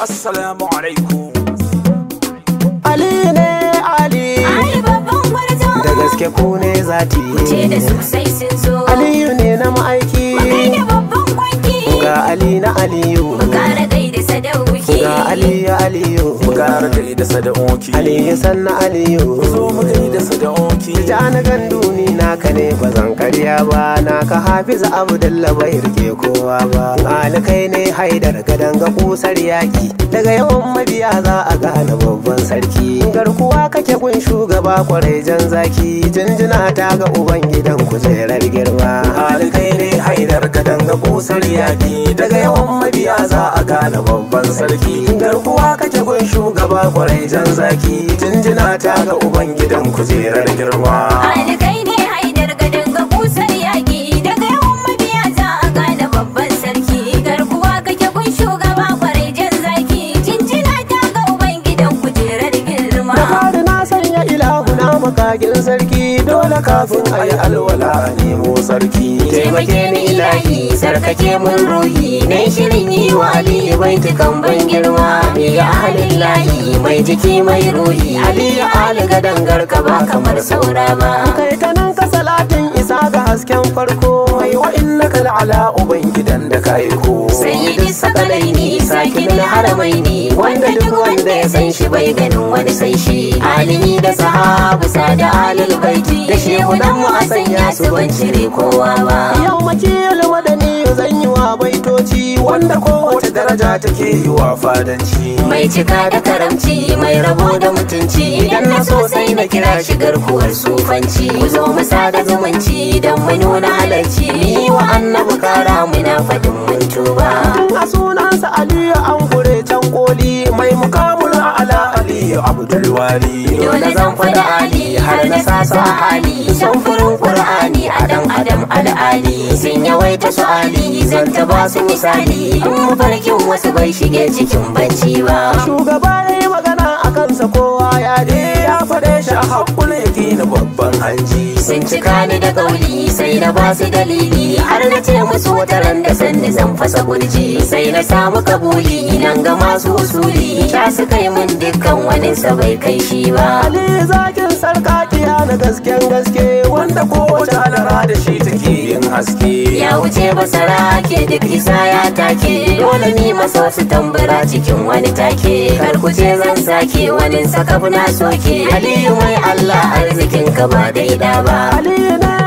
assalamu alaikum ali ne ali ali babban gwarzo da gaske ku ne zati ku ce da sosai sun zo aliyu ne na ma'aiki makai ne babban kwanki ga ali na aliyu ga ragai da sadauki ga ali ya aliyu ga da sada'oki aliyu sanna aliyu so mu gai da sada'oki ja na ganduni naka ne ba zan karya ba na ka hafiza abdalla bai rike kowa ba kai ne haidar gadan ga kusar yaki daga yawan mabiya za a gane babban sarki garkuwa kake kun shugaba kwarai jan zaki jinjina ta ga uban gidan kujerar girma kai ne haidar gadan ga kusar yaki daga yawan mabiya za a gane babban sarki garkuwa kake kwarai jan zaki jinjina ta ga ubangidan kujerar girma dole kafin a yi alwala a nemo sarki taimake ni ilahi sarkake mun ruhi na shirin yi wa aliyu tukan ban girma Mai ya halin lahi mai jiki mai ruhi aliyu ga dangar ka ba kamar saura ba kai nan ka salatin isa ga hasken farko mai wa'in na kal'ala ubangidan da ka yi ko? sai yi bisa ne, ni sakin haramai ni wanda duk da ya san shi bai ganin wani sai shi alihi da sahabu sada alil baiti da shehu dan mu asan ya su ban cire kowa ba yau mace alwadani zan yi wa baitoci wanda kowace daraja take yi wa fadanci mai cika da karamci mai rabo da mutunci idan na so sai na kira shi garkuwar sufanci ku zo mu sada zumunci dan mu nuna halarci ni wa annabi kara muna fadin mun tuba a sunansa aliyu an aliyu abdulwali dole zan faɗi ali har na sasa hali son furin qur'ani a adam al'ali sun yawaita su ali zan ta ba su misali in mafarkin wasu bai shige cikin bacci ba shugaba ne magana a kansa kowa ya je ya faɗe shi a hakkule na babban hanji sun cika ni da kauli sai na ba su dalili har na ce musu wata ran da sanda zan fasa gurji sai na samu kabuli nan ga masu usuli ta su kai min dukkan wani sa bai kai shi ba ali zakin sarkakiya na gasken gaske wanda kowace haske ya wuce basara ke duk isa ya take dole ni maso su tambura cikin wani take kar ku ce zan sake wani saka na soke aliyu mai allah arzikin ka ba daida ba aliyu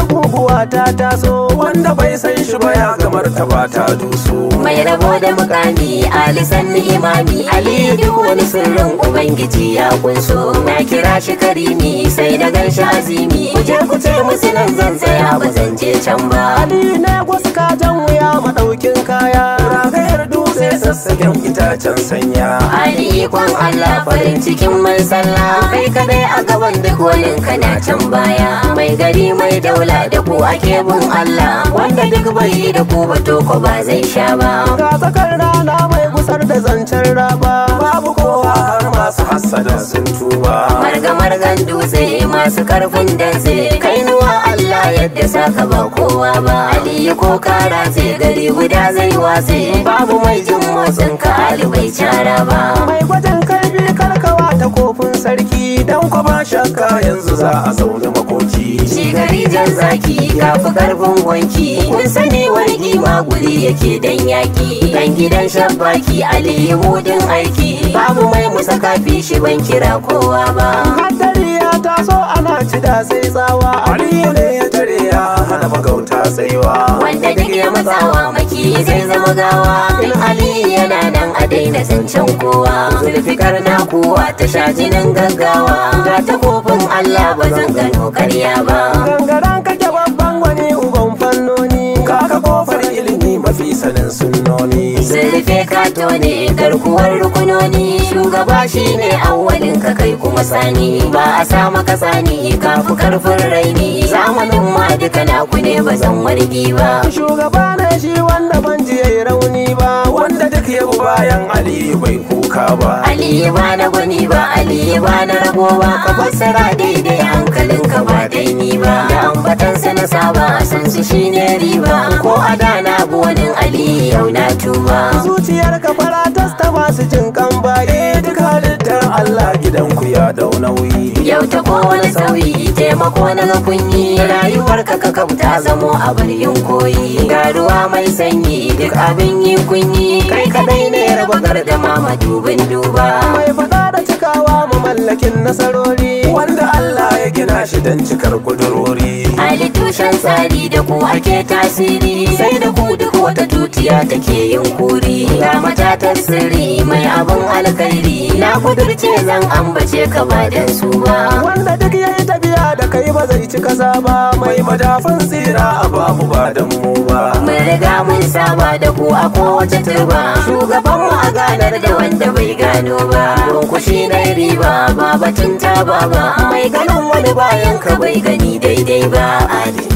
wata guguwa ta taso wanda bai san shi ba ya kamar ta ba ta dusu mai rabo da mukami alisan imami ali duk wani sirrin ubangiji ya kunso na kira shi karimi sai da ganshi azimi ku je ku ce musu nan zan tsaya ba zan je can ba ali na wasu jan wuya madaukin kaya sassaken itacen sanya Ali ikon Allah farin cikin mai sallah Kai kadai a gaban duk wani kana can baya Mai gari mai daula da ku a kebun Allah Wanda duk bai yi da ku ba to ko ba zai sha ba Ga tsakar rana mai gusar da zancen raba Babu kowa har masu hassada sun tuba Marga margan dutse masu karfin dantse Kai yadda saka ba kowa ba aliyu ko kara zai gari guda zai yi. babu mai jin motsin ka ali bai cara ba mai gwajin karbi karkawa ta kofin sarki dan ko ba shakka yanzu za a sauri makoci shi gari jan zaki kafi karfin wanki kun sani wani ma guri yake dan yaki dan gidan shabbaki yi mudin aiki babu mai musa kafi shi ban kira kowa ba hadari ya taso ana cida sai tsawa bawa maki zai zama gawa in ali yana nan a daina zancen kowa zulfikar na kowa ta sha jinin gaggawa ga ta kofin allah ba zan gano karya ba gangaren kake babban wani uban fannoni kaka kofar ilimi mafi sanin sunnoni zulfe kato ne garkuwar rukunoni shugaba shine awwalin ka kai kuma sani ba a sa maka sani kafi karfin raini zamanin duka nakune ne ba zan wargi ba shugaba na shi wanda ban ji yayi rauni ba wanda duk ya bu bayan aliyu bai kuka ba aliyu ba na gwani ba aliyu ba na rabo ba ka fassara daidai ka ba dai ni ba da sa na saba a san su shine riba ko a da na buwanin aliyu yau na tuba zuciyar ka fara ta su jin kan eh duk halittar allah gidanku ya dau nauyi yau ta kowane sauyi ko na ga kunyi rayuwar ka ka ta zamo abin yin koyi ga ruwa mai sanyi duk abin yi kunyi kai kadai ne raba gardama ma dubin duba mai fada da cikawa mu mallakin nasarori wanda Allah ya gina shi dan cikar kudurori Ali tushen tsari da ku ake tasiri sai da ku duk wata tutiya take yin kuri ga matatar sirri mai abin alkhairi na kudurce zan ambace ka ba da su ba ci kaza ba mai madafan tsira a babu ba da mu ba Mai riga mun saba da ku a kowace turba shugaban mu a ganar da wanda bai gano ba kushi na riba ba batun ta ba ba mai ganin wani bayan ka bai gani daidai ba ali